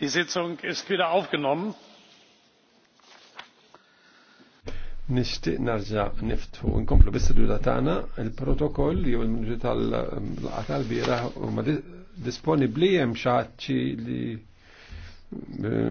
die sitzung ist wieder aufgenommen. Nishtiq narġa niftu nkomplu bis-seduta tagħna il-protokoll jew il-minuti tal-laqgħa tal-bieraħ huma disponibbli hemm xi li eh,